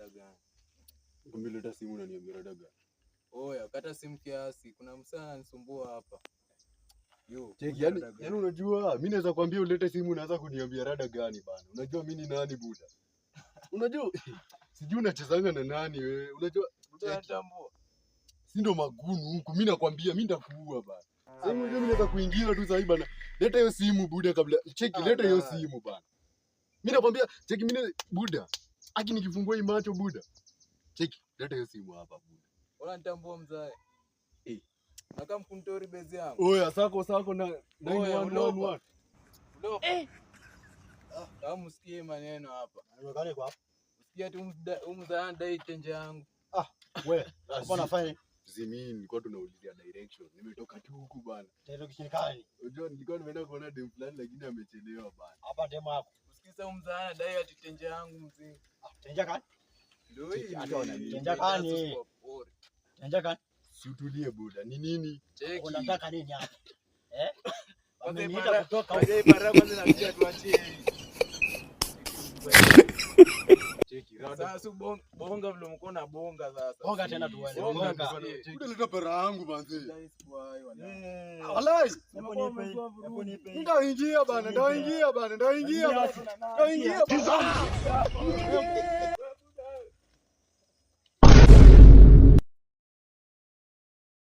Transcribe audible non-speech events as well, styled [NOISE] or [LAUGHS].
rada gani? Kumbe leta simu unaniambia rada gani? Oya, kata simu kiasi, kuna msaa anisumbua hapa. yani, yani unajua mi naweza kuambia ulete simu unaanza kuniambia rada gani bana. Unajua mimi ni nani buda? [LAUGHS] Unajua sijui unachezanga na nani we? Unajua unatambua. Si ndo magunu huku. mi nakwambia mi ndakuua bana. Ah. Sasa mimi naweza kuingiza tu sahii bana. Leta hiyo simu buda kabla. Cheki, ah, leta hiyo simu bana. mi nakwambia cheki mimi buda. Aki nikifungua hii macho buda. Cheki, leta hiyo simu hapa buda. Wala nitambua mzae. Eh. Na kama mkuntori bezi yangu. Oya, sako sako na 911. Ndio. Eh. Ah, kama msikie maneno hapa. Anakale kwa hapa. Usikia tu mzae ndai chenje yangu. Ah, wewe. Mbona ah, fanya Zimini nilikuwa tunaulizia direction. Nimetoka tu huku bwana. Tendo kishirikani. Unajua nilikuwa nimeenda kuona dem fulani lakini amechelewa bwana. Hapa demo yako tisa umzaana dai atitenja yangu mzee. Tenja ah, kani? Ndio hii. Tenja kani? Tenja kani? Si utulie buda. Ni nini? Unataka nini hapa? Eh? Wameniita kutoka huko. Bara kwanza na kisha tuachie. Cheki. Sasa bonga vile mko na bonga sasa. Bonga tena tuone. Bonga. Ndio leta pera yangu manzi. Ndaingia bana, ndaingia bana, ndaingia, ndaingia